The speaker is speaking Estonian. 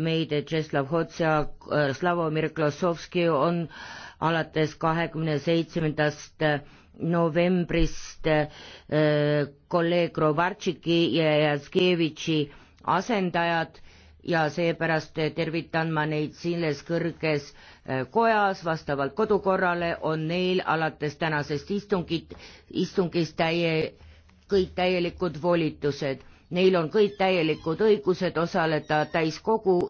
meide Tšeslav Hotsa, äh, Slavomir Klasovski on alates kahekümne seitsmendast äh, novembrist äh, kolleeg Rovartšiki ja Jaskevitši asendajad ja seepärast tervitan ma neid selles kõrges kojas, vastavalt kodukorrale on neil alates tänasest istungit, istungist täie, kõik täielikud volitused neil on kõik täielikud õigused osaleda täiskogu